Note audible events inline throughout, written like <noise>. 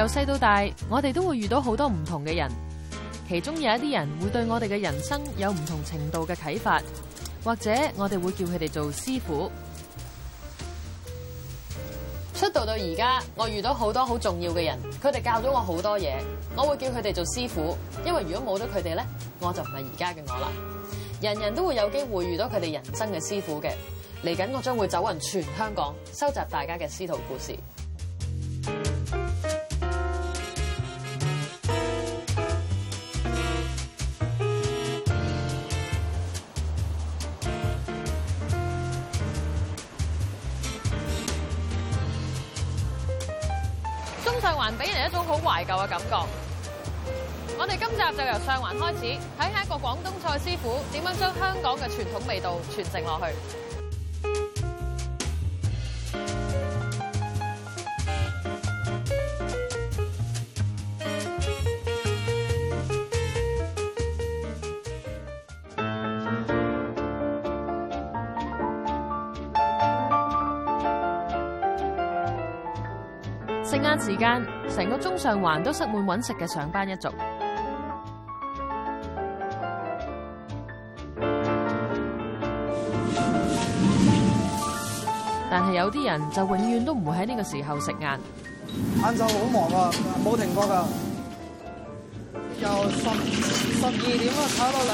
由細到大，我哋都會遇到好多唔同嘅人，其中有一啲人會對我哋嘅人生有唔同程度嘅啟發，或者我哋會叫佢哋做師傅。出道到而家，我遇到好多好重要嘅人，佢哋教咗我好多嘢，我會叫佢哋做師傅，因為如果冇咗佢哋呢，我就唔係而家嘅我啦。人人都會有機會遇到佢哋人生嘅師傅嘅，嚟緊我將會走匀全香港，收集大家嘅師徒故事。上環俾人一種好懷舊嘅感覺。我哋今集就由上環開始，睇下一個廣東菜師傅點樣將香港嘅傳統味道傳承落去。時間成個中上環都塞滿揾食嘅上班一族，但係有啲人就永遠都唔會喺呢個時候食晏。晏晝好忙啊，冇停過噶，由十十二點啊炒到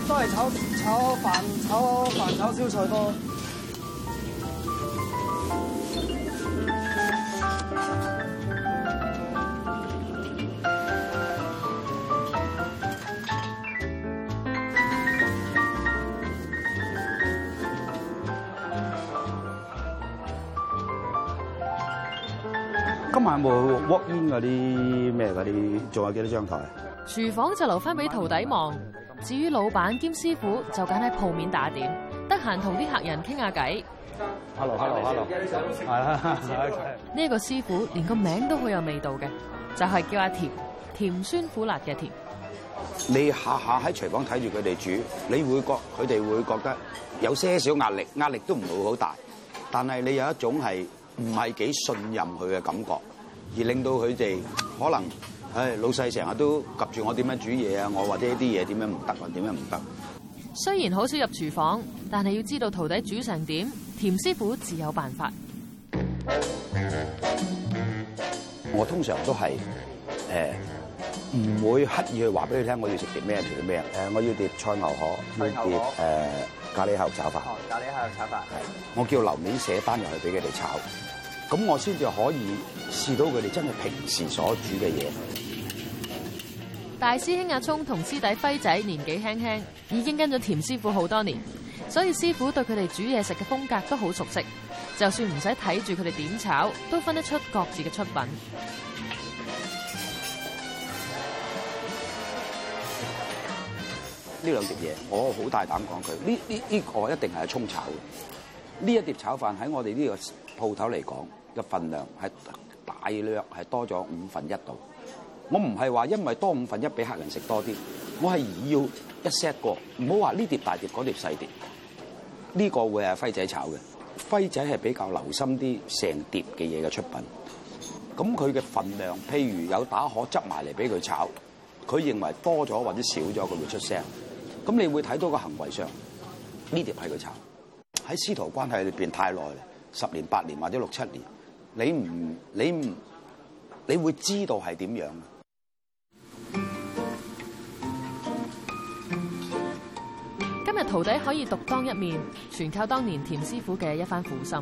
兩點半，都係，都係炒炒，炒，炒炒飯、炒飯炒小菜多。有冇 walk in 嗰啲咩？嗰啲仲有幾多張台？廚房就留翻俾徒弟忙，至於老闆兼師傅就揀喺鋪面打點，得閒同啲客人傾下偈。hello hello hello，係啦，呢個師傅連個名都好有味道嘅，就係叫阿甜，甜酸苦辣嘅甜。你下下喺廚房睇住佢哋煮，你會覺佢哋會覺得有些少壓力，壓力都唔會好大，但係你有一種係唔係幾信任佢嘅感覺。而令到佢哋可能，唉，老細成日都及住我點樣煮嘢啊！我些東西或者一啲嘢點樣唔得啊？點樣唔得？雖然好少入廚房，但係要知道徒弟煮成點，甜師傅自有辦法。我通常都係誒，唔、呃、會刻意去話俾佢聽，我要食碟咩碟咩誒，我要碟菜牛河，牛要碟誒、呃、咖喱蝦炒飯。哦、咖喱蝦炒飯係。我叫樓面寫單入去俾佢哋炒。咁我先至可以試到佢哋真係平時所煮嘅嘢。大師兄阿聰同師弟輝仔年紀輕輕，已經跟咗甜師傅好多年，所以師傅對佢哋煮嘢食嘅風格都好熟悉。就算唔使睇住佢哋點炒，都分得出各自嘅出品。呢兩隻嘢，我好大膽講佢，呢呢呢個一定係葱炒嘅。呢一碟炒飯喺我哋呢個鋪頭嚟講嘅份量係大略係多咗五分一度。我唔係話因為多五分一俾客人食多啲，我係要一 set 過。唔好話呢碟大碟，嗰碟細碟，呢個會係輝仔炒嘅。輝仔係比較留心啲成碟嘅嘢嘅出品。咁佢嘅份量，譬如有打荷執埋嚟俾佢炒，佢認為多咗或者少咗，佢會出聲。咁你會睇到個行為上，呢碟係佢炒。喺師徒關係裏面太耐啦，十年八年或者六七年，你唔你唔你會知道係點樣。今日徒弟可以獨當一面，全靠當年甜師傅嘅一番苦心。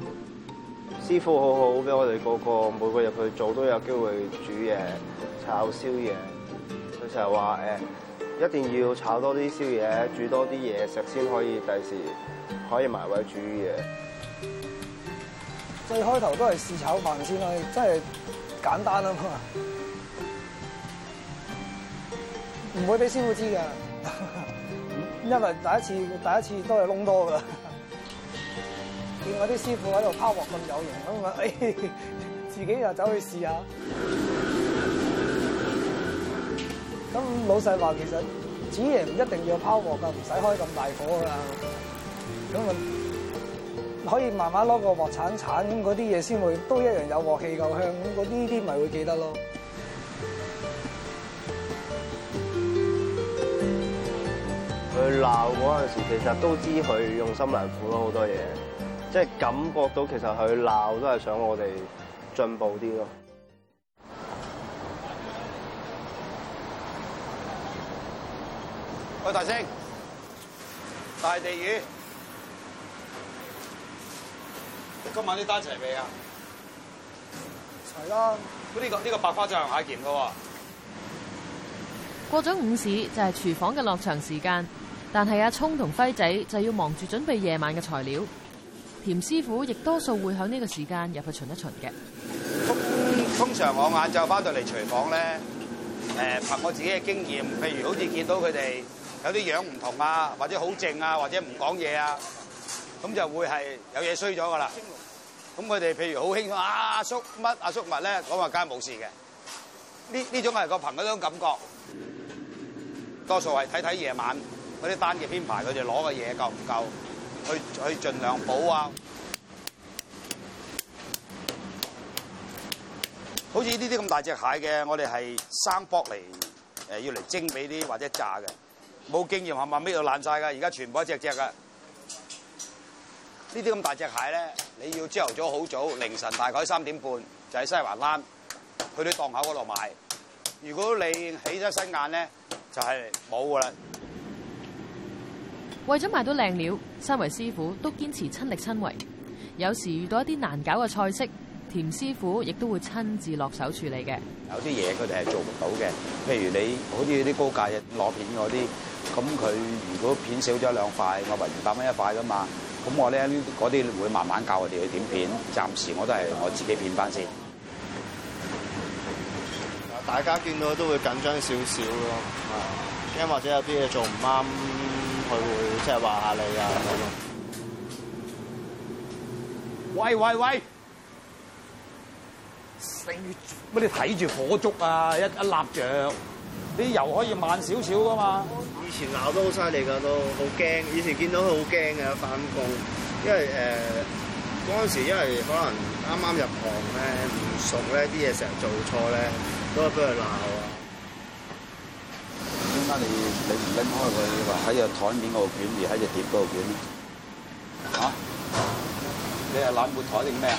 師傅好好，俾我哋個個每個入去做都有機會煮嘢、炒燒嘢。佢成日話誒。一定要炒多啲宵夜，煮多啲嘢食先可以，第時可以埋位煮嘢。最開頭都係試炒飯先啦，真係簡單啊嘛！唔會俾師傅知㗎！因為第一次第一次都係燶多噶啦。見我啲師傅喺度拋鑊咁有型，咁啊，自己又走去試一下。咁老細話其實煮嘢唔一定要拋鑊㗎，唔使開咁大火㗎，咁啊可以慢慢攞個鑊鏟鏟，咁嗰啲嘢先會都一樣有鑊氣夠香，咁嗰啲啲咪會記得咯。佢鬧嗰陣時，其實都知佢用心良苦咯，好多嘢，即係感覺到其實佢鬧都係想我哋進步啲咯。喂，大聲！大地魚，今晚啲單齊未啊？齊啦。呢、這個呢、這個百花醬蟹鉗嘅喎。過咗午市就係、是、廚房嘅落場時間，但係阿聰同輝仔就要忙住準備夜晚嘅材料。甜師傅亦多數會響呢個時間入去巡一巡嘅。通常我晏晝返到嚟廚房咧，誒、呃、憑我自己嘅經驗，譬如好似見到佢哋。有啲樣唔同啊，或者好靜啊，或者唔講嘢啊，咁就會係有嘢衰咗噶啦。咁佢哋譬如好輕鬆啊，阿叔乜阿叔物咧，咁啊，梗係冇事嘅。呢呢種係個朋友嗰種感覺，多數係睇睇夜晚嗰啲單嘅編排，佢哋攞嘅嘢夠唔夠，去去盡量補啊。好似呢啲咁大隻蟹嘅，我哋係生剝嚟，誒要嚟蒸俾啲或者炸嘅。冇經驗，冚咪咩搣爛曬噶，而家全部一隻隻噶。呢啲咁大隻蟹咧，你要朝頭早好早，凌晨大概三點半就喺西環欄，去到檔口嗰度買。如果你起咗身眼咧，就係冇噶啦。為咗買到靚料，三圍師傅都堅持親力親為。有時遇到一啲難搞嘅菜式，甜師傅亦都會親自落手處理嘅。有啲嘢佢哋係做唔到嘅，譬如你好似啲高價螺片嗰啲，咁佢如果片少咗兩塊，我係五百蚊一塊噶嘛。咁我咧嗰啲會慢慢教我哋去點片。暫時我都係我自己片翻先。大家見到都會緊張少少咯，驚或者有啲嘢做唔啱，佢會即係話下你啊喂咯。喂喂喂！乜你睇住火燭啊？一一立著，啲油可以慢少少噶嘛？以前鬧都好犀利噶，都好驚。以前見到佢好驚噶翻工，因為誒嗰陣時，因為可能啱啱入行咧，唔熟咧，啲嘢成日做錯咧，都係畀佢鬧啊。點解你你唔拎開佢？你話喺隻台面嗰度捲，而喺隻碟嗰度捲咧？你係攬抹台定咩啊？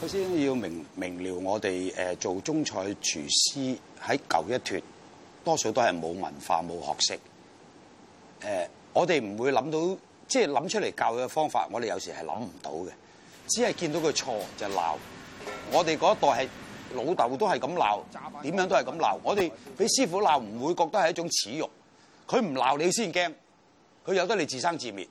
首先要明明瞭，我哋誒做中菜廚師喺舊一團。多數都係冇文化冇學識，我哋唔會諗到，即係諗出嚟教嘅方法，我哋有時係諗唔到嘅，只係見到佢錯就鬧，是。我哋嗰一代係老豆都係咁鬧，點樣都係咁鬧。我哋俾師傅鬧唔會覺得係一種恥辱，佢唔鬧你先驚，佢由得你自生自滅。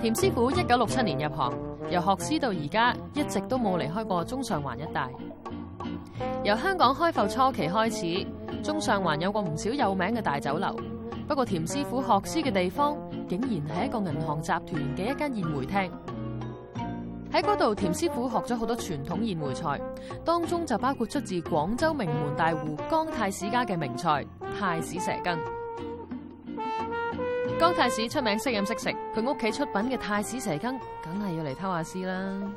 甜師傅一九六七年入行。由學師到而家，一直都冇離開過中上環一帶。由香港開埠初期開始，中上環有個唔少有名嘅大酒樓。不過甜，甜師傅學師嘅地方竟然係一個銀行集團嘅一間宴會廳。喺嗰度，甜師傅學咗好多傳統宴會菜，當中就包括出自廣州名門大戶江太史家嘅名菜太史蛇羹。江太史出名識飲識食，佢屋企出品嘅太史蛇羹，梗係要嚟偷下師啦。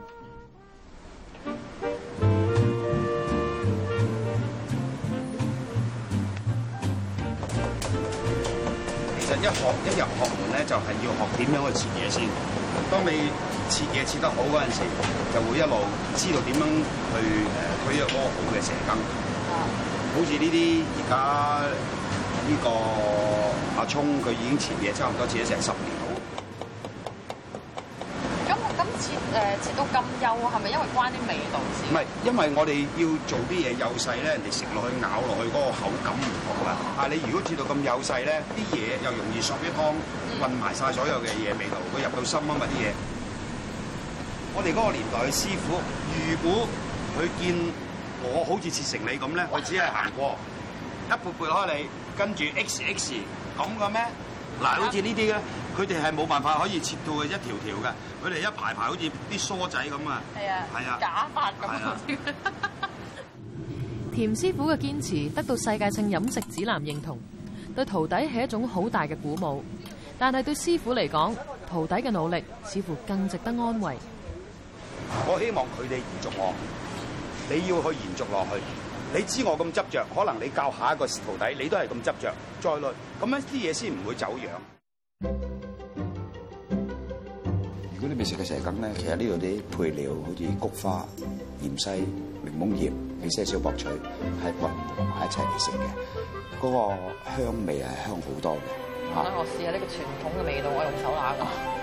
其實一學一入學門咧，就係、是、要學點樣去切嘢先。當你切嘢切得好嗰陣時，就會一路知道點樣去誒，配入個好嘅蛇羹。好似呢啲而家。呢個阿聰佢已經切嘢差唔多切咗成十年咯。咁我今次切到咁幼，係咪因為關啲味道先？唔係，因為我哋要做啲嘢幼細咧，人哋食落去咬落去嗰個口感唔同啊！啊，你如果切到咁幼細咧，啲嘢又容易索啲湯，混埋晒所有嘅嘢味道，佢入到心啊嘛啲嘢。我哋嗰個年代嘅師傅，如果佢見我好似切成你咁咧，我只係行過。一撥撥開你，跟住 X X 咁嘅咩？嗱，好似呢啲咧，佢哋係冇辦法可以切到嘅一條條嘅，佢哋一排排好似啲梳仔咁啊，係啊，假髮咁啊。甜 <laughs> 師傅嘅堅持得到世界性飲食指南認同，對徒弟係一種好大嘅鼓舞。但係對師傅嚟講，徒弟嘅努力似乎更值得安慰。我希望佢哋延續我，你要去延續落去。你知我咁執着，可能你教下一個徒弟，你都係咁執着。再累，咁樣啲嘢先唔會走樣。如果你未食嘅蛇羹呢，咧，其實呢度啲配料好似菊花、芫茜、檸檬葉，有些少薄脆係混埋一齊嚟食嘅，嗰個香味係香好多嘅。我試下呢個傳統嘅味道，我用手攬㗎。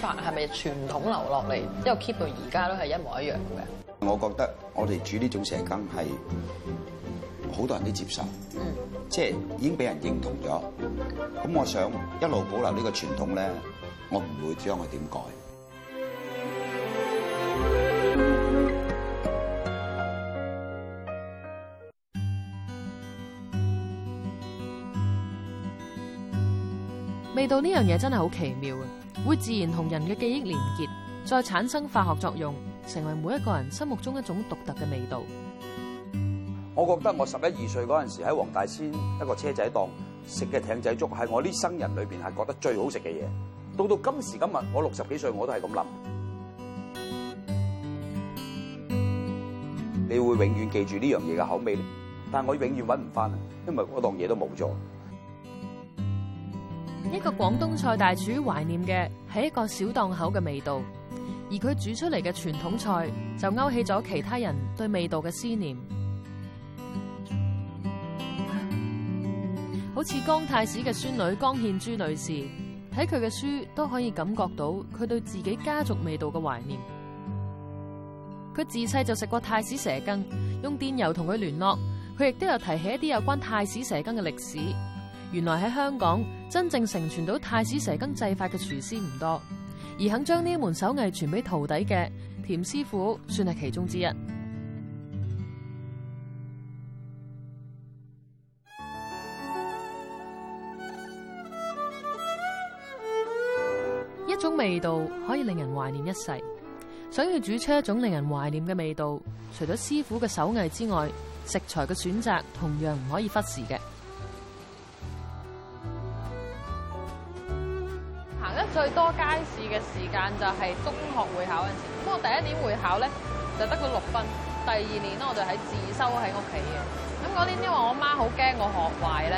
法係咪傳統留落嚟，因為 keep 到而家都係一模一樣嘅？我覺得我哋煮呢種蛇羹係好多人都接受，嗯、即係已經俾人認同咗。咁我想一路保留呢個傳統咧，我唔會將佢點改。味道呢樣嘢真係好奇妙啊！會自然同人嘅記憶連結，再產生化學作用，成為每一個人心目中一種獨特嘅味道。我覺得我十一二歲嗰陣時喺黃大仙一個車仔檔食嘅艇仔粥，係我呢生人裏邊係覺得最好食嘅嘢。到到今時今日，我六十幾歲，我都係咁諗。你會永遠記住呢樣嘢嘅口味，但係我永遠搵唔翻，因為嗰檔嘢都冇咗。一個廣東菜大廚懷念嘅係一個小檔口嘅味道，而佢煮出嚟嘅傳統菜就勾起咗其他人對味道嘅思念。好似江太史嘅孫女江獻珠女士，睇佢嘅書都可以感覺到佢對自己家族味道嘅懷念。佢自細就食過太史蛇羹，用電郵同佢聯絡，佢亦都有提起一啲有關太史蛇羹嘅歷史。原來喺香港真正承傳到太史蛇羹製法嘅廚師唔多，而肯將呢門手藝傳俾徒弟嘅，甜師傅算係其中之一。一種味道可以令人懷念一世，想要煮出一種令人懷念嘅味道，除咗師傅嘅手藝之外，食材嘅選擇同樣唔可以忽視嘅。多街市嘅時間就係中學會考嗰陣時，咁我第一年會考咧就得個六分，第二年咧我就喺自修喺屋企嘅。咁嗰年因為我媽好驚我學壞咧，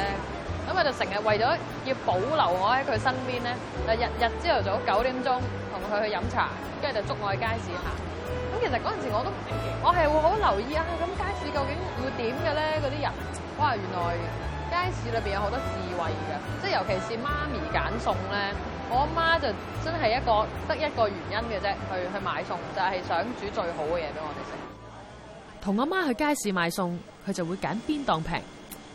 咁佢就成日為咗要保留我喺佢身邊咧，就日日朝頭早九點鐘同佢去飲茶，跟住就捉我去街市行。咁其實嗰陣時我都唔明嘅，我係會好留意啊。咁街市究竟會點嘅咧？嗰啲人哇，原來～街市裏邊有好多智慧嘅，即係尤其是媽咪揀餸咧，我阿媽就真係一個得一個原因嘅啫，去去買餸就係想煮最好嘅嘢俾我哋食。同阿媽去街市買餸，佢就會揀邊檔平，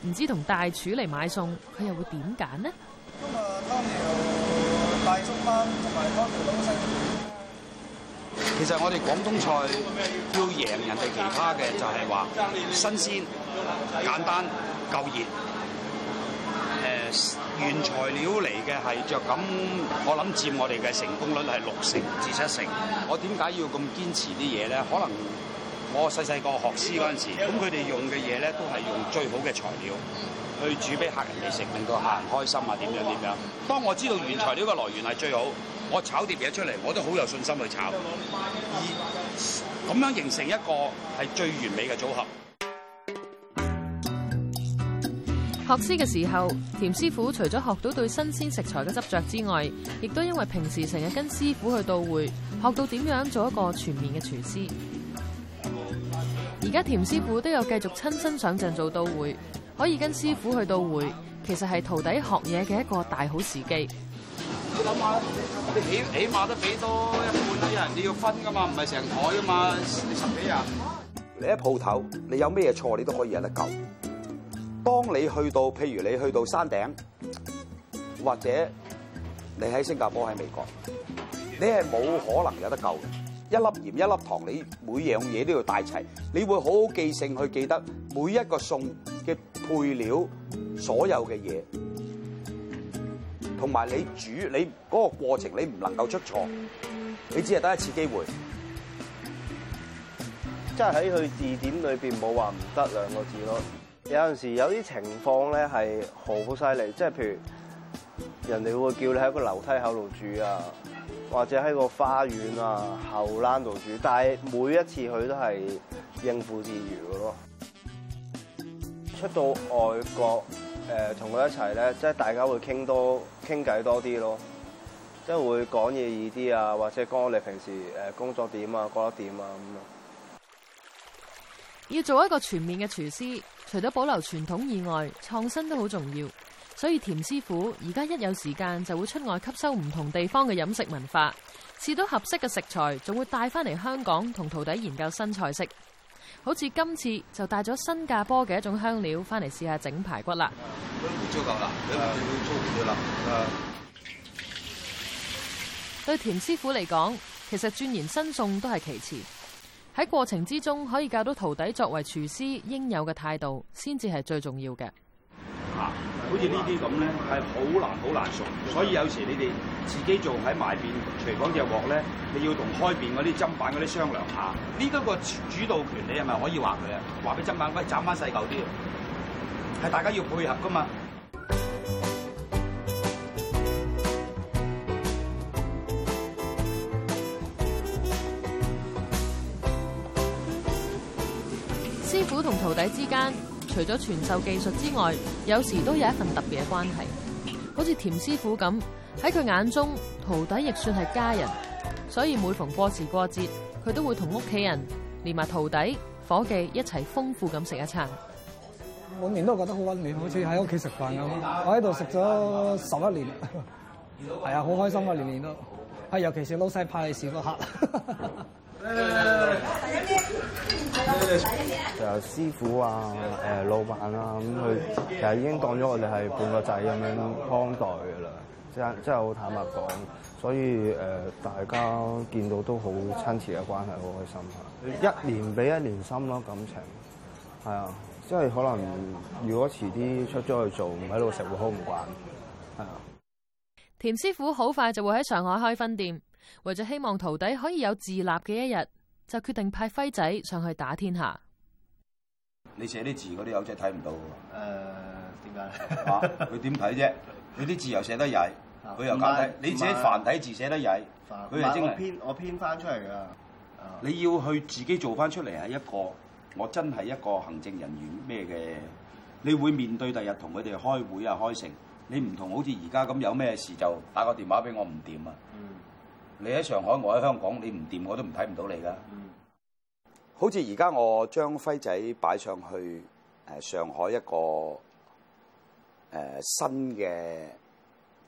唔知同大廚嚟買餸，佢又會點揀呢？咁啊，三條大中班同埋三條老細。其實我哋廣東菜要贏人哋其他嘅，就係話新鮮、簡單、夠熱。原材料嚟嘅係着。咁，我諗佔我哋嘅成功率係六成至七成。我點解要咁堅持啲嘢咧？可能我細細個學師嗰陣時，咁佢哋用嘅嘢咧都係用最好嘅材料去煮俾客人嚟食，令到客人開心啊！點樣點樣？當我知道原材料嘅來源係最好，我炒碟嘢出嚟，我都好有信心去炒。而咁樣形成一個係最完美嘅組合。學師嘅時候，甜師傅除咗學到對新鮮食材嘅執着之外，亦都因為平時成日跟師傅去到會，學到點樣做一個全面嘅廚師。而家甜師傅都有繼續親身上陣做到會，可以跟師傅去到會，其實係徒弟學嘢嘅一個大好時機。你起起碼都俾多一半啦，人你要分噶嘛，唔係成台啊嘛，你十幾人。你喺鋪頭，你有咩錯你都可以有得救。當你去到，譬如你去到山頂，或者你喺新加坡、喺美國，你係冇可能有得救嘅。一粒鹽、一粒糖，你每樣嘢都要帶齊。你會好好記性去記得每一個餸嘅配料，所有嘅嘢，同埋你煮你嗰個過程，你唔能夠出錯。你只係得一次機會，即係喺佢字典裏邊冇話唔得兩個字咯。有陣時有啲情況咧係好犀利，即係譬如人哋會叫你喺個樓梯口度住啊，或者喺個花園啊後欄度住，但係每一次佢都係應付自如嘅咯。出到外國誒，同佢一齊咧，即係大家會傾多傾偈多啲咯，即係會講嘢易啲啊，或者講我哋平時誒工作點啊，覺得點啊咁啊。要做一個全面嘅廚師，除咗保留傳統以外，創新都好重要。所以甜師傅而家一有時間就會出外吸收唔同地方嘅飲食文化，試到合適嘅食材，仲會帶翻嚟香港同徒弟研究新菜式。好似今次就帶咗新加坡嘅一種香料翻嚟試下整排骨啦。對甜師傅嚟講，其實鑽研新餸都係其次。喺過程之中可以教到徒弟作為廚師應有嘅態度，先至係最重要嘅。嚇，好似呢啲咁咧，係好難好難熟，所以有時你哋自己做喺埋邊，譬如講隻鑊咧，你要同開邊嗰啲砧板嗰啲商量下。呢個個主導權你係咪可以話佢啊？話俾砧板威，斬翻細嚿啲，係大家要配合噶嘛。師傅同徒弟之間，除咗傳授技術之外，有時都有一份特別嘅關係。好似甜師傅咁，喺佢眼中徒弟亦算係家人，所以每逢過時過節，佢都會同屋企人連埋徒弟、伙計一齊豐富咁食一餐。每年都覺得好溫暖，好似喺屋企食飯咁。我喺度食咗十一年，係 <laughs> 啊，好開心啊，年年都係，尤其是老細派利是客。 <laughs> 誒，就係師傅啊，誒、呃，老闆啊，咁佢其實已經當咗我哋係半個仔咁樣看待噶啦，真真係好坦白講，所以誒、呃，大家見到都好親切嘅關係，好開心啊！一年比一年深咯，感情係啊，即係可能如果遲啲出咗去做，唔喺度食會好唔慣，係啊。甜師傅好快就會喺上海開分店。為咗希望徒弟可以有自立嘅一日，就決定派輝仔上去打天下。你寫啲字嗰啲友仔睇唔到喎。誒、呃，點解？佢點睇啫？你啲字又寫得曳，佢又簡你寫繁體字寫得曳，佢、啊、係正我編我編翻出嚟噶。你要去自己做翻出嚟係一個我真係一個行政人員咩嘅？你會面對第日同佢哋開會啊開成？你唔同好似而家咁有咩事就打個電話俾我唔掂啊！你喺上海，我喺香港，你唔掂我都唔睇唔到你噶。好似而家我將輝仔擺上去，誒上海一個誒、呃、新嘅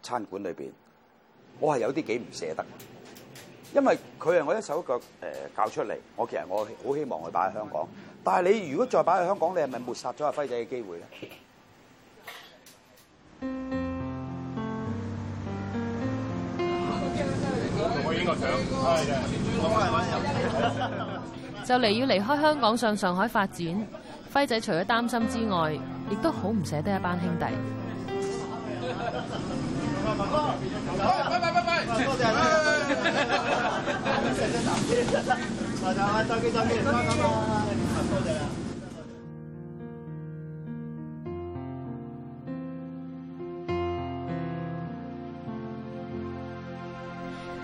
餐館裏邊，我係有啲幾唔捨得的，因為佢係我一手腳誒搞、呃、出嚟。我其實我好希望佢擺喺香港，但係你如果再擺喺香港，你係咪抹殺咗阿輝仔嘅機會咧？就嚟要離開香港，上上海發展。輝仔除咗擔心之外，亦都好唔捨得一班兄弟。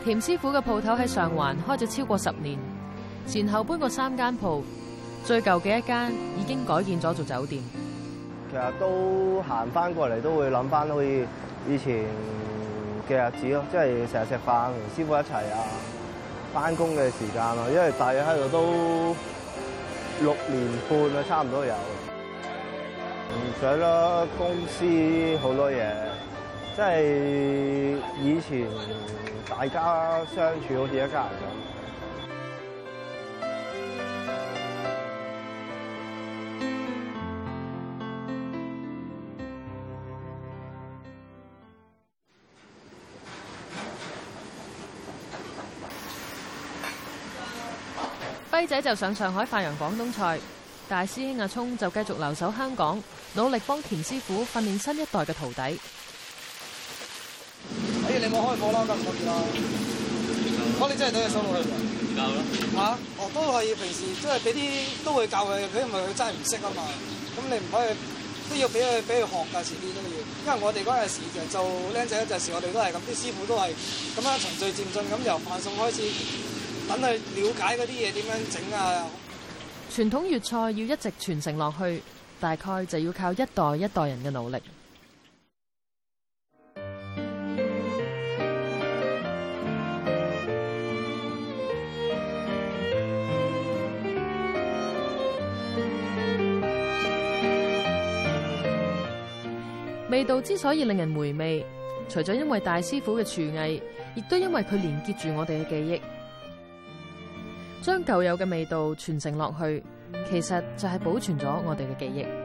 甜師傅嘅鋪頭喺上環開咗超過十年，前後搬過三間鋪，最舊嘅一間已經改建咗做酒店。其實都行翻過嚟都會諗翻可以以前嘅日子咯，即係成日食飯同師傅一齊啊，翻工嘅時間咯，因為大約喺度都六年半啦，差唔多有。唔想啦，公司好多嘢。即係以前大家相處好似一家人咁。輝仔就上上海發揚廣東菜，大師兄阿聰就繼續留守香港，努力幫甜師傅訓練新一代嘅徒弟。我、哦、開火啦，咁唔得啦。我、哦、你真係睇佢收路去嘅。教咯。嚇、啊？哦，都可以，平時即係俾啲都會教佢，佢因為佢真係唔識啊嘛。咁你唔可以都要俾佢俾佢學噶，前啲都要。因為我哋嗰陣時就做僆仔嗰陣時，時我哋都係咁，啲師傅都係咁樣循序漸進，咁由飯餸開始，等佢了解嗰啲嘢點樣整啊。傳統粵菜要一直傳承落去，大概就要靠一代一代人嘅努力。味道之所以令人回味，除咗因為大師傅嘅廚藝，亦都因為佢連結住我哋嘅記憶，將舊有嘅味道傳承落去，其實就係保存咗我哋嘅記憶。